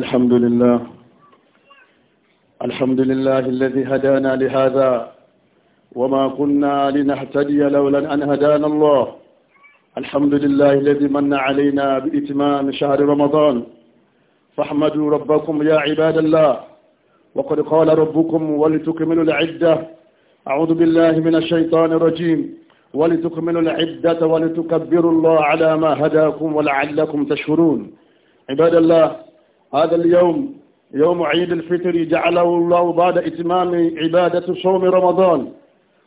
الحمد لله الحمد لله الذي هدانا لهذا وما كنا لنهتدي لولا أن هدانا الله الحمد لله الذي من علينا بإتمام شهر رمضان فاحمدوا ربكم يا عباد الله وقد قال ربكم ولتكملوا العدة أعوذ بالله من الشيطان الرجيم ولتكملوا العدة ولتكبروا الله على ما هداكم ولعلكم تشكرون عباد الله هذا اليوم يوم عيد الفطر جعله الله بعد إتمام عبادة صوم رمضان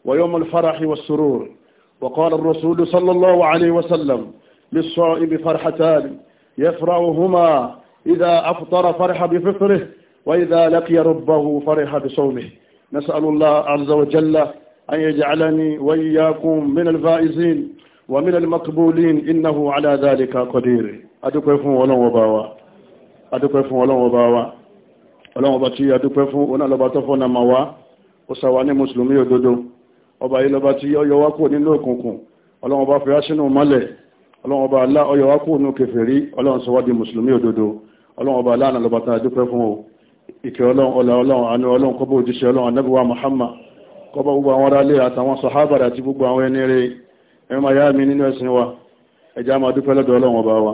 ويوم الفرح والسرور وقال الرسول صلى الله عليه وسلم للصائم فرحتان يفرعهما إذا أفطر فرح بفطره وإذا لقي ربه فرح بصومه نسأل الله عز وجل أن يجعلني وإياكم من الفائزين ومن المقبولين إنه على ذلك قدير أدوكم ولو وباوا adúpẹ́ fún ọlọ́run ọba wa ọlọ́run ọba tí adúpẹ́ fún onáàlọ́ba tó fọ́nà máa wá ó sàwà ní mùsùlùmí òdodo ọba yìí lọ́ba tí ọyọ wá kúrò nínú òkùnkùn ọlọ́run ọba fẹ́ sínú mọ́lẹ̀ ọlọ́run ọba alá ọyọ wá kúrò nínú kèfèrí ọlọ́run sọ wá di mùsùlùmí òdodo ọlọ́run ọba aláàna lọ́ba tá adúpẹ́ fún Muhammad kọ́bọ̀ gbogbo àwọn aráalé àtàwọn sàhábàrà àti gbogbo àwọn ẹni rere ẹ̀rọ máa yá mi nínú ẹ̀sìn wa ẹ̀já máa dúpẹ́ lọ́dọ̀ ọlọ́run ọba wa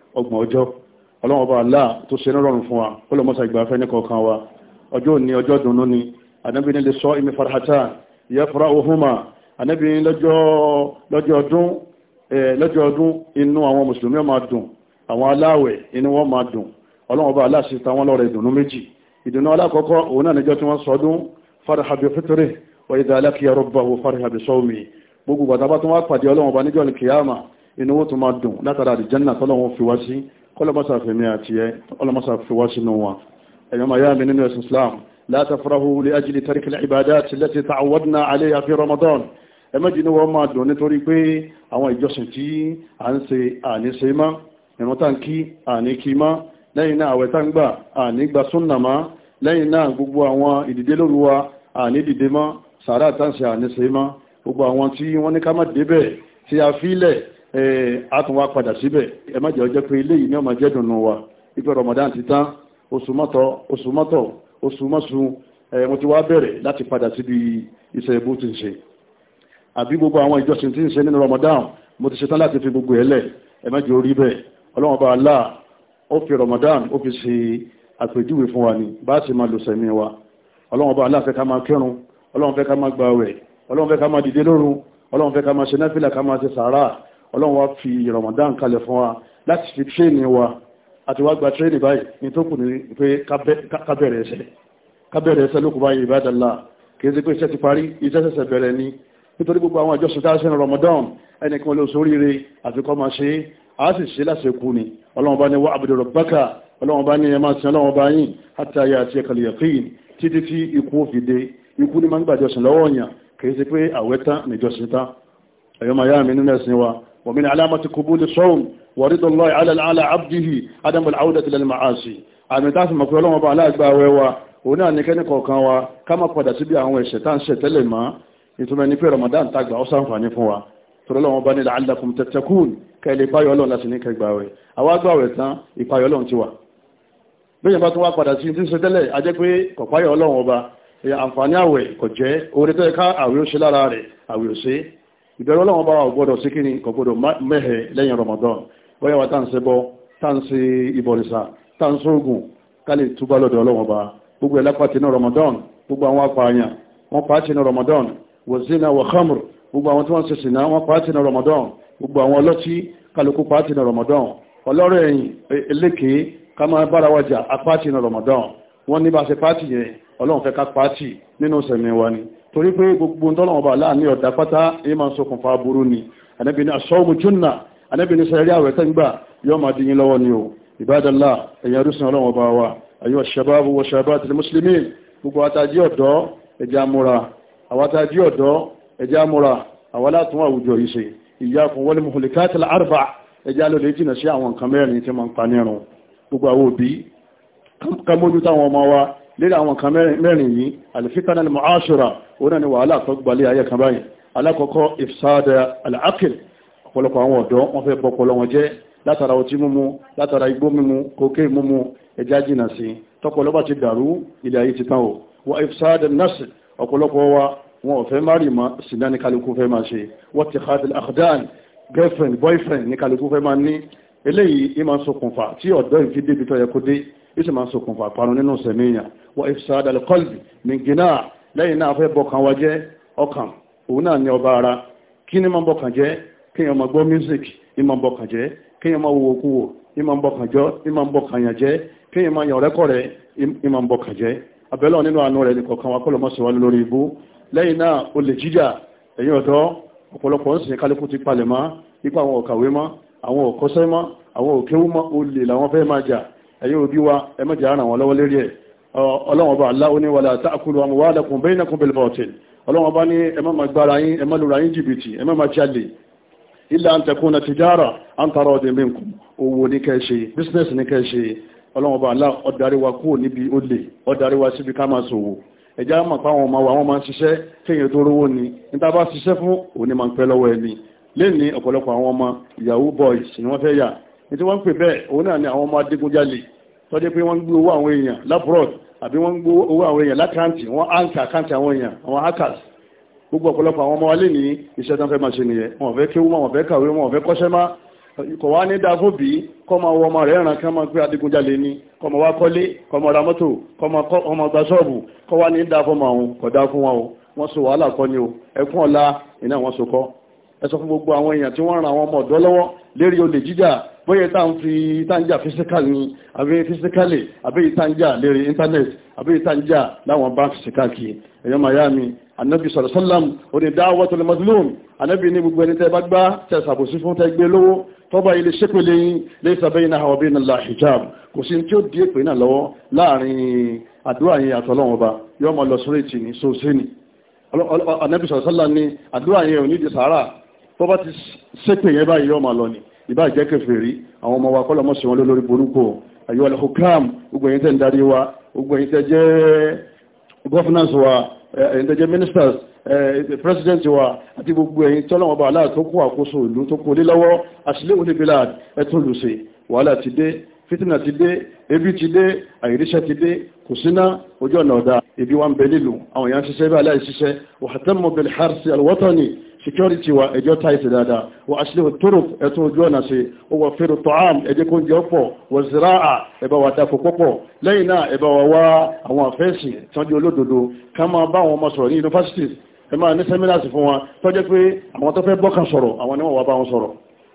ọgbọ̀n ọjọ́ ọlọ́wọ́n bá aláà tó ṣe nírọ̀rùn fún wa ó lọ mọ́sá ìgbàfẹ́ ní kọ̀ọ̀kan wa ọjọ́ òní ọjọ́ dùnú ni anábì ní lè sọ ìmì farahata ìyá fara ohunma anábì ní lọ́jọ́ ọdún inú àwọn mùsùlùmí ó máa dùn àwọn aláwẹ̀ inú wọn máa dùn ọlọ́wọ́n bá aláà sì ta wọn lọ́rẹ̀ ìdùnnú méjì ìdùnnú alákọ̀ọ́kọ́ òun náà níjọ́ tí wọ́n sọdún faraha bi fitri wa idha laqiya rabbahu faraha bi sawmi gbogbo bàtà bá tún níjọ́ ní kìyàmà inú wọn tó máa dùn látara àdìjánà tọ́lọ́wọ́n fi wá sí kọ́lọ́mọ́sà fèmí àti ẹ ọlọ́mọ́sà fi wá sínú wa ẹ̀yọ́ máa yá mi nínú ẹ̀sìn Islam la tafrahu li ajli tarki al-ibadat allati ta'awadna 'alayha fi Ramadan ẹ méjì ni wọ́n máa dùn nítorí pé àwọn ìjọsìn tí à ń ṣe àní ṣe má ìrun tá ń kí àní kí má lẹ́yìn náà àwẹ̀ tá ń gbà àní gba súnnà má lẹ́yìn náà gbogbo àwọn ìdìdé lóruwa àní dìde má sàárà tá ń ṣe àní ṣe má gbogbo àwọn tí wọ́n ní ká má débẹ̀ tí a fílẹ̀ a tún wá padà síbẹ̀ ẹ má jẹ́ ọjọ́ pé ilé yìí ní ọmọ jẹ́dùn nù wa ìpè Ramadan ti tán oṣù mọ́tọ̀ oṣù mọ́tọ̀ oṣù mọ́sùn mo ti wá bẹ̀rẹ̀ láti padà síbi iṣẹ́ ibú ti ń ṣe àbí gbogbo àwọn ìjọsìn tí ń ṣe nínú Ramadan mo ti ṣetán láti fi gbogbo ẹ̀lẹ̀ ẹ má jẹ́ orí bẹ́ẹ̀ ọlọ́wọ́n bá Allah ó fi Ramadan ó fi ṣe àpèjúwe fún wa ni bá a ṣe máa lò sẹ́mi wa ọlọ́wọ́n bá Allah fẹ́ ká máa kírun ọlọ́run wá fi Ramadan kalẹ̀ fún wa láti fi tírénì wa àti wá gba tírénì báyìí ní tó kù ní pé kábẹ̀rẹ̀ ẹsẹ̀ kábẹ̀rẹ̀ ẹsẹ̀ lókùn báyìí ìbádàlá kìí sí pé iṣẹ́ ti parí iṣẹ́ ṣẹ̀ṣẹ̀ bẹ̀rẹ̀ ni nítorí gbogbo àwọn àjọṣe tá a ṣe ní Ramadan ẹnì kan ló sóríire àti kọ́ máa ṣe é a sì ṣe láti kú ni ọlọ́run bá ní wá abudu rabbaka ọlọ́run bá ní ẹ máa sin ọlọ́run bá yìn hatta ya'tiyakal yaqin títí tí ikú fi dé ikú ní máa ń gbàjọsìn lọ́wọ́ yàn kìí pé àwẹ́ tán níjọsìn tán ẹ̀yọ́ máa yá mi nínú ẹ̀sìn wa ومن علامة قبول الصوم ورضا الله على على عبده عدم العودة إلى المعاصي àmì tá a fi mọ̀ pé Ọlọ́run Ọba aláàgbàwẹ̀ wa òun náà ní kẹ́ni kọ̀ọ̀kan wa ká má padà síbi àwọn ẹ̀ṣẹ̀ tá ń ṣẹ̀ tẹ́lẹ̀ mọ́ ìtumọ̀ ní pé Ramadan tàgbà ó ṣàǹfààní fún wa torí Ọlọ́run Ọba ní la'allakum tattaqun kẹ́lẹ̀ ìpáyọ̀ Ọlọ́run láti ní kẹgbàwẹ̀ àwa gbàwẹ̀ tán ìpáyọ̀ Ọlọ́run ti wà bẹ́ẹ̀ bá tún wá padà sí ti ń ṣe tẹ́lẹ̀ a jẹ́ pé kọ̀páyọ̀ Ọlọ́run Ọba àǹfààní àwẹ̀ kò jẹ́ orí tẹ́ ká àwẹ̀ ó ṣe lára rẹ̀ àwẹ̀ ò ṣe ìbẹ̀rù ọlọ́wọ́n bá wà gbọ́dọ̀ sí kíni kò gbọ́dọ̀ mẹ́hẹ̀ lẹ́yìn Ramadan bóyá wa táǹsẹ́ bọ́ táǹsẹ́ ìbọ̀rìṣà táǹsẹ́ ogun kálí túbá lọ́dọ̀ ọlọ́wọ́n bá gbogbo ẹ̀lápàtì náà Ramadan gbogbo àwọn apààyàn wọ́n pàtì náà Ramadan wòzínà wà khamr gbogbo àwọn tí wọ́n ṣe sìnà wọ́n pàtì náà Ramadan gbogbo àwọn ọlọ́tí kálukú pàtì náà Ramadan ọlọ́rọ̀ ẹ̀yìn eléke ká máa bára wájà apàtì náà Ramadan wọ́n ní bá ṣe pàtì yẹn ọlọ́run fẹ́ ká pàtì nínú sẹ̀mí wa ni torí pé gbogbo tọ́lọ́run bá láàrin ọ̀dà pátá èyí máa ń ṣokùnfà aburú ni ànábì ní asọ́ọ̀mù júnà ànábì ní sẹ́rí àwẹ̀ tẹ́gbà máa dín lọ́wọ́ ni o ìbádàlá ẹ̀yàn rúsìn ọlọ́run bá wa ayọ́ ṣàbábù wọ ṣàbáàtì lè mùsùlùmí gbogbo àtàjí ọ̀dọ́ ẹ̀jẹ̀ amúra àwọn àtàjí ọ̀dọ́ ẹ̀jẹ̀ amúra àwọn látún àwùjọ yìí ṣe ìyá fún wọlé mọ̀hùlìkátìlá àrùbà ẹ̀jẹ̀ alóde wa lérí àwọn kan mẹ́rin yìí alifita náà mọ́ṣọ́ra oní ni wàhálà tó gbalẹ̀ ayé kan báyìí alákọ̀ọ́kọ́ ifsada al'akil ọ̀pọ̀lọpọ̀ àwọn ọ̀dọ́ wọ́n fẹ́ bọ́pọ̀lọ wọn jẹ́ látara ọtí mímu látara igbó mímu kókè mímu ẹja jìnà sí tọ́pọ̀lọ́ bá ti dàrú ilẹ̀ ayé ti tán o wọ́n ifsada nasi ọ̀pọ̀lọpọ̀ wa wọn girlfriend boyfriend ní kálukú eléyìí ìmọ̀ ṣokùnfà tí ọ̀dọ́ ìfi débi tó yẹ kó dé ìṣe máa ṣokùnfà parun nínú sẹ̀míyàn wọ ifsad al-qalbi min gina lẹ́yìn náà fẹ́ bọkàn wa jẹ́ ọkàn òun náà ní ọba ara kí ni máa bọkàn jẹ́ kí ọmọ gbọ́ music ìmọ̀ bọkàn jẹ́ kí ọmọ wo kú wò ìmọ̀ bọkàn jọ ìmọ̀ bọkàn yàn jẹ́ kí ọmọ yàn rẹ́kọ̀ rẹ̀ ìmọ̀ bọkàn jẹ́ abẹ́lọ́ nínú àánú rẹ̀ nìkọ̀kan wa kọ́lọ̀ mọ́sọ̀ wa lórí ibú àwọn òkọ́sẹ́ mọ́ àwọn òkéwú mọ́ olè làwọn fẹ́ máa jà ẹ̀yin òbí wa ẹ má jà ara wọn lọ́wọ́ lérí ẹ̀ ọlọ́wọ́n bá aláwọ̀ ní wàlá ta'kulu amwalakum bainakum bil batil ọlọ́wọ́n bá ní ẹ má máa gbára yín ẹ má lura yín jìbìtì ẹ má máa jalè illa an takuna tijara an taradin minkum owó ní kẹ́ ṣe business ní kẹ́ ṣe ọlọ́wọ́n bá mọ̀ pé ọmọ wa wọ́n máa ń ṣiṣẹ́ kéèyàn tó rówó ni níta bá ṣiṣẹ́ fún òní máa ń pẹ́ lọ́wọ́ ẹni lẹ́ni ọ̀pọ̀lọpọ̀ àwọn ọmọ yahoo boys ni wọ́n fẹ́ yà ní tí wọ́n ń pè bẹ́ẹ̀ òun náà ni àwọn ọmọ adigunjalè tọ́jú pé wọ́n ń gbé owó àwọn èèyàn labrod àbí wọ́n ń gbé owó àwọn èèyàn lákàntì wọ́n áǹkà àkáǹtì àwọn èèyàn àwọn hackers gbogbo ọ̀pọ̀lọpọ̀ àwọn ọmọ wa lè ní iṣẹ́ tán fẹ́ máa ṣe nìyẹn wọn fẹ́ kéwú wọn fẹ́ kàwé wọn fẹ́ kọ́ṣẹ́ má kọ̀ wá ní dáa fóbi kọ́ máa wọ ọmọ rẹ̀ ràn kí wọ́n máa gbé adigunjalè ni kọ́ máa wá kọ́lé kọ́ máa ra mọ́tò kọ́ máa gba ṣọ́ọ̀bù kọ́ wá ní dáa fọ́mọ àwọn kọ̀ dáa fún wọn o wọ́n so wàhálà kọ́ ni o ẹkún ọ̀la iná wọn so kọ́ ẹ sọ fún gbogbo àwọn èèyàn tí wọ́n ran àwọn ọmọ ọ̀dọ́ lọ́wọ́ lérí olè jíjà bóyá tá ń ni àbí physically àbí ìtànjà lérí internet àbí ìtànjà láwọn bá physical kì ẹ̀yọ́ miami anabi sọ̀rọ̀ sọ́lám oní da'watul mazlum anabi ní gbogbo ẹni tẹ́ bá gbá tẹ́ sàbòsí fún tẹ́ gbé hijab kò sí tí ó di èpè náà lọ́wọ́ láàrin àdúrà yẹn àtọ́lọ́wọ́n ọba yọ́ ọmọ lọ sórí ìtì ní sọ́ọ́sẹ́ni anabi sọ̀rọ̀ àdúrà yẹn ò ní di sàárà tó bá ti ṣépè yẹn báyìí yóò máa lọ ni ìbá jẹ́ kèfèrí àwọn ọmọ wa kọ́lọ́mọ́ sí wọn lórí burúkú àyíwá lè hukam gbogbo ẹ̀yin tẹ́ ń darí wa gbogbo ẹ̀yin tẹ́ jẹ́ governors wa ẹ̀yin tẹ́ jẹ́ ministers president wa àti gbogbo ẹ̀yin tọ́lọ́wọ́ bá aláà tó kó àkóso ìlú tó kó lé lọ́wọ́ àṣìlẹ̀ òní bilad ẹ̀tún lùsè wàhálà ti dé fìtínà ti dé ebi ti dé àìríṣẹ́ ti dé kò síná ojú ọ̀nà ọ̀dà ibi wa ń bẹ nílùú àwọn èèyàn ṣiṣẹ́ bí aláìṣiṣẹ́ wàhátẹ́mọ̀ bẹ̀lẹ̀ harsi alwọ́tọ̀ ni security wa ẹjọ́ táìsì dáadáa wa aṣílẹ̀ tóró ẹ̀tún ojú ọ̀nà ṣe ó wà fèrò tọ́ám ẹjẹ́ kó ń jẹ́ ọ̀pọ̀ zira'a eba wa dáko pọ́pọ̀ lẹ́yìn náà ẹ̀bá wa wá àwọn àfẹ́sì tọ́jú olódodo ká máa bá àwọn ọmọ sọ̀rọ̀ ní yunifásitì ẹ máa ní sẹ́mínà sí fún wa tọ́jẹ́ pé àwọn tó fẹ́ bọ́kàn sọ̀rọ̀ àwọn ni wọ́n wá bá wọn sọ̀rọ̀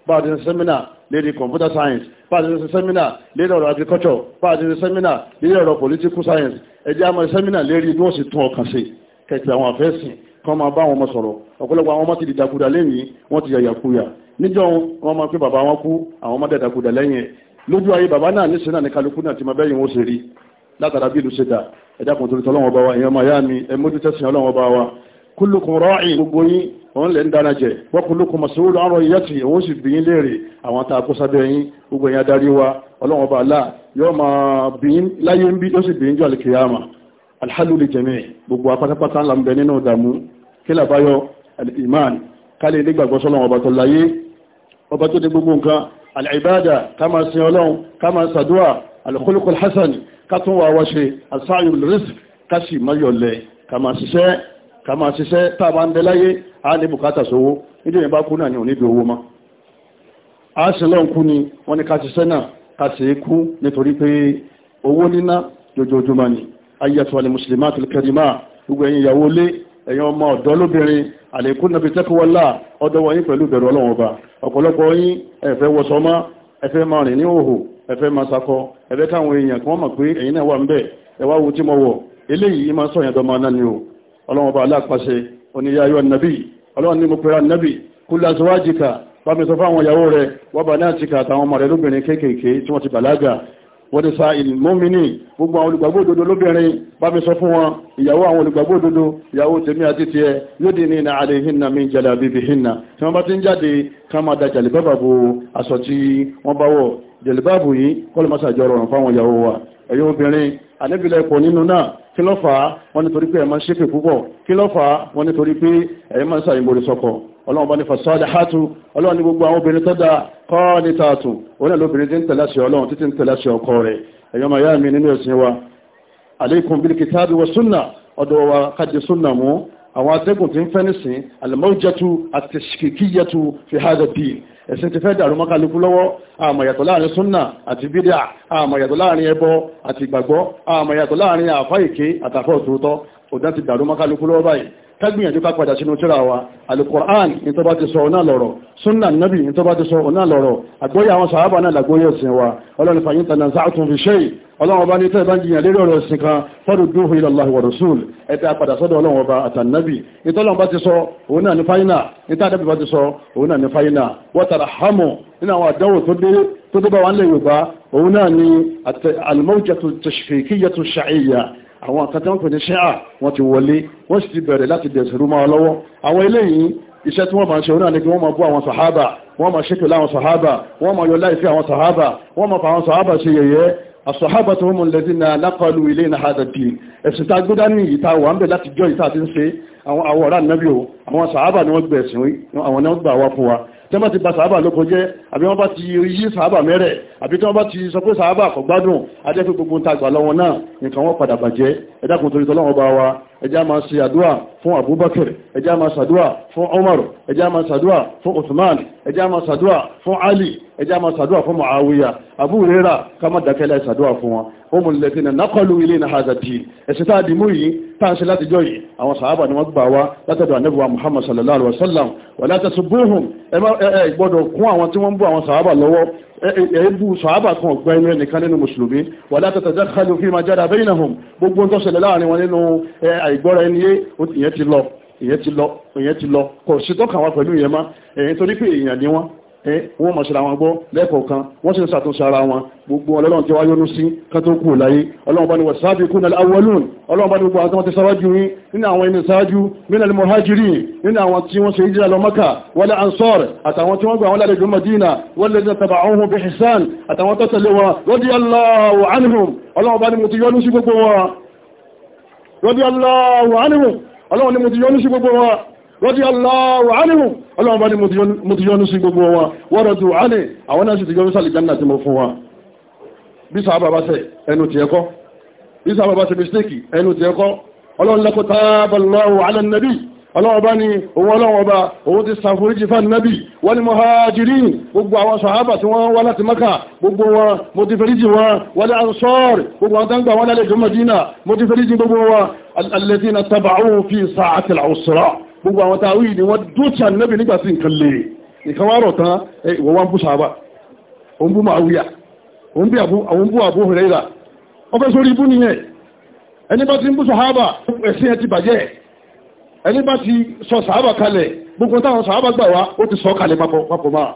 báàdì ní sẹ́mínà lérí computer science báàdì ní sẹ́mínà lérí ọ̀rọ̀ agriculture báàdì ní sẹ́mínà lérí ọ̀rọ̀ political science ẹjẹ́ àmọ́ sẹ́mínà lérí bí wọ́n sì tún ọkàn sí kẹ̀kẹ́ àwọn àfẹ́sìn kan máa bá àwọn ọmọ sọ̀rọ̀ ọ̀pọ̀lọpọ̀ àwọn ọmọ ti dìdàkudà lẹ́yìn wọ́n ti yàyàkuyà níjọ́ wọn máa pé bàbá wọn kú àwọn ọmọ dìdàkudà lẹ́yìn ẹ̀ lójú ayé bàbá náà níṣẹ́ náà ní kálukú náà ti máa bẹ́yìn wọn ṣe rí látara bí ìlú ṣe dà ẹ̀dá kan torí tọ́lọ́wọ́n bá wa èèyàn máa yá mi ẹ mójú tẹ́sán ọlọ́wọ́n bá wa kúlùkùn rọ́ọ̀ì gbogbo yín òun lè ń dára jẹ wọ́n kúlùkùn mọ̀síwòrán ọ̀rọ̀ ìyá tí òun sì bí léèrè àwọn tá kó sábẹ́ yín gbogbo yín adarí wa ọlọ́wọ́n bá láà yóò máa bí láyé ń bí ó sì bí jọ àlùkìyàmà alhálùlì jẹ̀mí gbogbo apátápátá ńlá ń bẹ nínú ìdààmú kílà báyọ al-iman kálẹ̀ nígbàgbọ́ sọ́lọ́ ọba tó láyé ọba tó dé gbogbo nǹkan al-ibada ká máa sin ọlọ́run ká máa sàdúà al-khuluq al-hasan ká tún wà wáṣe al-sa'yu bil-rizq ká sì má yọ̀lẹ̀ ká máa ṣiṣẹ́ ká máa ṣiṣẹ́ tá a bá ń bẹ láyé á ní bùkátà sówó nídìí yẹn kú náà ní òní bí owó mọ́ á sì lọ́n kú ni wọ́n ní ká ṣiṣẹ́ náà ká sì kú nítorí pé owó níná jojoojúmọ́ ni ayyatuwa al-muslimatul karima gbogbo ẹ̀yin ìyàwó lé ẹ̀yin ọmọ ọ̀dọ́ lóbìnrin àlékún nàbí tẹ́kọ̀wọ́lá ọdọ́ wọ́n yín pẹ̀lú bẹ̀rù ọlọ́run ọba ọ̀pọ̀lọpọ̀ yín ẹ̀fẹ́ wọṣọ mọ́ ẹ̀fẹ́ máa rìn ní òhò ẹ̀fẹ́ máa sakọ ẹ̀fẹ́ káwọn èèyàn kí wọ́n mọ̀ pé ẹ̀yin náà wà ń bẹ̀ ẹ̀wá wo tí mo wọ̀ eléyìí máa sọ ìyàdọ́ máa náni o wọ́dẹ̀sá ìmọ́mìnì gbogbo àwọn olùgbàgbọ́ òdodo lóbìnrin bá mi sọ fún wọn ìyàwó àwọn olùgbàgbọ́ òdodo ìyàwó tèmi àti ti ẹ yóò dì ní ààrẹ hinna min jalabibi hinna tí wọ́n bá ti ń jáde ká máa da jàlìbábà bo aṣọ tí wọ́n bá wọ̀ jàlìbábù yìí kọ́lọ̀mọ́sà jọ rọrùn fáwọn ìyàwó wa ẹ̀yin obìnrin àníbìlẹ̀ pọ̀ nínú náà kọ́ ní tààtù òun náà lóbìnrin tí ń tẹ̀lé àṣẹ ọlọ́run títí ń tẹ̀lé àṣẹ ọkọ rẹ̀ ẹ̀yọ́ màá yá mi nínú ẹ̀sìn wa aleikum bil kitabi wa sunna ọ̀dọ̀ wa kájí sunna mú àwọn atẹ́gùn tí ń fẹ́ nísìn alimọ́jẹ́tu àtẹ̀sìkìkíyẹ́tu fi hádà bíi ẹ̀sìn ti fẹ́ dàrú mọ́kálukú lọ́wọ́ àmọ̀yàtọ̀ láàrin súnnà àti bídíà àmọ̀yàtọ̀ láàrin ẹbọ àti ìgbàgbọ́ àmọ̀yàtọ̀ láàrin àfáìké àtàfọ́ òtútọ́ òdá ti dàrú mọ́kálukú lọ́wọ́ báyìí kágbìyànjú ká padà sínú tíra wa alukur'an ní tó bá ti sọ ọ̀nà lọ́rọ̀ sunna nabi ní tó bá ti sọ ọ̀nà lọ́rọ̀ àgbóyà àwọn sàábà náà làgbóyà ẹ̀sìn wa ọlọ́run fàyín tànà sáàtún fi ṣe ọlọ́run ọba ní tẹ́ẹ̀bá jiyàn lérí ọ̀rọ̀ ẹ̀sìn kan farudduhu ila Allahi wa rasul ẹ̀tẹ́ apadà sọ́dọ̀ ọlọ́run ọba àtànàbì ìtọ́lọ́run bá ti sọ òun náà àwọn àkàtà ń pè ní ṣẹ́à wọ́n ti wọlé wọ́n sì ti bẹ̀rẹ̀ láti dẹ̀sùrú máa lọ́wọ́ àwọn eléyìí iṣẹ́ tí wọ́n máa ṣe orí àníkí wọ́n máa bú àwọn sàhábà wọ́n máa ṣépè láwọn sàhábà wọ́n máa yọ láìsí àwọn sàhábà wọ́n máa fa sàhábà ṣe yẹ̀yẹ́ àsọ̀hábà tó mú lẹ́dí na lákọlù ilé na hada dìí ẹ̀sìn tá gbọ́dá ní ìta wà ń bẹ̀ láti jọ ìta àti ń ṣe àwọn àwọ̀rá nàbí o àwọn sàhábà ni wọ́n gbẹ̀ẹ̀sìn àwọn náà gbà wá fún wa tí wọ́n ti ba sàábà lóko jẹ́ àbí wọ́n bá ti yí sàábà mẹ́rẹ̀ àbí tí wọ́n bá ti sọ pé sàábà kò gbádùn gbogbo ń ta lọ́wọ́ náà nǹkan wọ́n padà bàjẹ́ ẹ̀dàkùn torí bá wa ẹjá máa ṣe àdúà fún Abubakar ẹjá máa ṣàdúà fún Umar ẹjá máa ṣàdúà fún Uthman ẹjá máa ṣàdúà fún Ali ẹjá máa ṣàdúà fún Muawiya Abu Hurairah ká má dákẹ́lẹ̀ ṣàdúà fún wọn ó mú lẹ́tí na nákọlù ilé na hazardí ẹ̀sẹ̀ tá a dì mú yìí tá a ṣe láti jọ yìí àwọn sàábà ni wọ́n gbà wá látọ̀dọ̀ anábíwá Muhammad sallallahu alaihi wasallam wà látàṣubúhùn ẹ gbọ́dọ̀ kún àwọn tí wọ́n bú àwọn sàábà lọ́wọ́ ẹ̀ẹ́bù sàábà kan ọ̀gbà inú ẹnìkan nínú mùsùlùmí wà látàtàjákàlù fi ma jára bainahum gbogbo ń tọ́ṣẹlẹ̀ láàrin wọn nínú àìgbọ́ra ẹni yé ìyẹn ti lọ ìyẹn ti lọ ìyẹn ti lọ kò sí tọ́ka wa pẹ̀lú ìyẹn má ẹ̀yìn torí pé èèyàn ni wọ́n wọ́n mọ̀ síra wọn gbọ́ lẹ́kọ̀ọ̀kan wọ́n sì ń ṣàtúnṣe ara wọn gbogbo ọlọ́run tí wá yọnu sí kan tó kú láyé ọlọ́run bá ní wọ̀sáàbí kú náà awọ́lùn ọlọ́run bá ní gbogbo àwọn tí sáwájú yín nínú àwọn ẹni sáájú minal muhajirin nínú àwọn tí wọ́n ṣe hijira lọ Mákà wal ansar àtàwọn tí wọ́n gbà wọn lálejò Madina walladhina taba'uhum bi ihsan àtàwọn tó tẹ̀lé wọn radiyallahu anhum ọlọ́run bá ní mo ti yọnu sí gbogbo wọn rọ́dí aláwọ̀ ánìmù ọlọ́run ni mo ti yọ́nú sí gbogbo wa rọ́dí aláwọ̀ ánìmù ọlọ́run bá ní mo ti yọ́nú sí gbogbo wọn wọ́rọ̀ tó ánì àwọn náà sì ti yọ́nú sálì jánà tí mo fún wọn bí sábà bá ṣe ẹnu ti ẹkọ́ bí sábà bá ṣe mistake ẹnu ọlọ́wọ́ bá ní owó ọlọ́wọ́ bá owó ti sàforíjì fún nábì wọ́n ni muhajirin gbogbo àwọn sàhábà tí wọ́n wá láti maka gbogbo wọn mo ti fèríjì wọn wọ́n ansọ́ọ̀rì gbogbo wọn dáńgbà wọn lálejò madina mo ti fèríjì gbogbo wọn alladhina taba'u fi sa'ati al-usra gbogbo àwọn tàwí ni wọ́n dúkìá nábì ẹni bá ti ń bú sàhábà ẹ̀sìn ẹ ti bàjẹ́ ẹni bá ti sọ sàábà kalẹ̀ gbogbo táwọn sàábà gbà wá ó ti sọ kalẹ̀ papọ̀ máa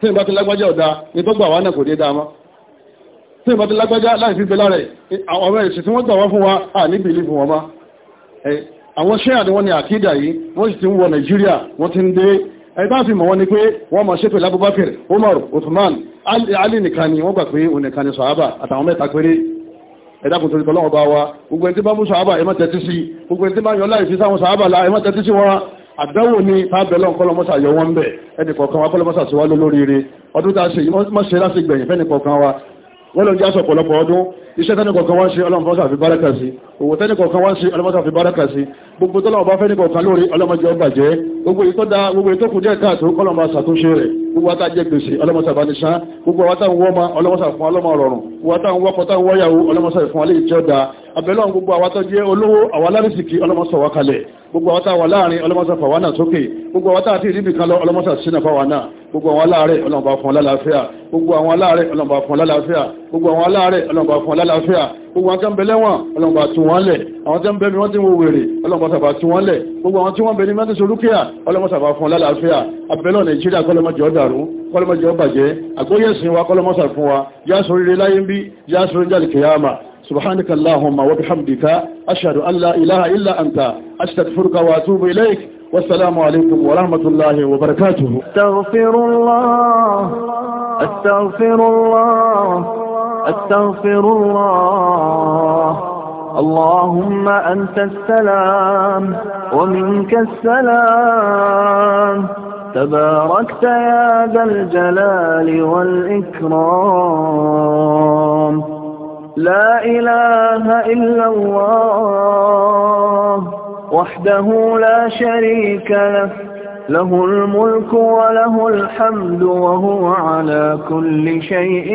tí ìbá ti lágbájá ọ̀dá ìtọ́gbà wá náà kò dé dáama tí ìbá ti lágbájá láì fi belá rẹ̀ àwọn ọmọ ìṣẹ́ tí wọ́n gbà wá fún wa à níbi ilé fún wọn má àwọn ṣẹ́yà ni wọ́n ni àkídà yìí wọ́n sì ti ń wọ Nàìjíríà wọ́n ti ń dé ẹ̀dá fi mọ̀ wọ́n ni pé wọ́n máa ṣépè lábúbáfẹ́ Umar Uthman Ali nìkan ni wọ́n gbà pé òun nìkan ni sàábà àtàwọn mẹ́ta péré ẹ̀dàkùn torí tọ́lọ́wọ́ bá wa gbogbo ẹni tí bá mú sàábà ẹ tẹ́tí sí gbogbo ẹni bá yọ láì sáwọn sàábà la ẹ tẹ́tí sí wọn àdánwò ni tábẹ̀lọ́ kọlọmọ́sà yọ wọn bẹ̀ ẹnì kọ̀ọ̀kan wa kọlọmọ́sà sí wa lólóríire ọdún tá a ṣe mọ́ ṣe wọ́n lọ jẹ́ aṣọ ọ̀pọ̀lọpọ̀ ọdún iṣẹ́ tẹ́nìkọ̀ọ̀kan wá ń ṣe ọlọ́mọ̀fọ́sà fi bárakà sí òwò tẹ́nìkọ̀ọ̀kan wá ń ṣe ọlọ́mọ̀fọ́sà fi bárakà sí gbogbo tọ́lọ̀wọ̀ bá fẹ́nìkọ̀ọ̀kan lórí ọlọ́mọjẹ́ ọgbàjẹ́ gbogbo ìtọ́dá gbogbo ìtọ́kù díẹ̀ wata ń wọ́ ma ọlọ́mọsà fún ọlọ́mọ rọrùn gbogbo ata ń wọ́ kọta ń wọ́yàwó ọlọ́mọsà fún alẹ́ ìjọ da abẹ́lọ́n gbogbo àwátọ́ jẹ́ olówó àwa lárísìkí ọlọ́mọsà wá kalẹ̀ gbogbo àwátá wà láàrin gbogbo àwọn aláàrẹ̀ ọlọ́mọba fún ọlálàáfíà gbogbo àwọn aláàrẹ̀ ọlọ́mọba fún ọlálàáfíà gbogbo àwọn aláàrẹ̀ ọlọ́mọba fún ọlálàáfíà gbogbo àwọn tẹ́m̀bẹ̀ lẹ́wọ̀n ọlọ́mọba tú wọn lẹ̀ àwọn tẹ́m̀bẹ̀ mi wọ́n ti wo wèrè ọlọ́mọba sàbà tú wọn lẹ̀ gbogbo àwọn tí wọ́n bẹ̀ ní mẹ́tẹ̀ solúkíà ọlọ́mọ sàbà fún ọlálàáfíà abẹ́lọ́ nàìjíríà kọlọmọjọ́ dàrú kọlọmọjọ́ bàjẹ́ àgbóyẹ̀sìn wa kọlọmọsà fún wa yá والسلام عليكم ورحمة الله وبركاته استغفر الله استغفر الله استغفر الله اللهم أنت السلام ومنك السلام تباركت يا ذا الجلال والإكرام لا إله إلا الله وحده لا شريك له له الملك وله الحمد وهو على كل شيء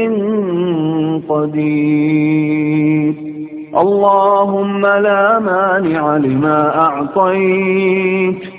قدير اللهم لا مانع لما أعطيت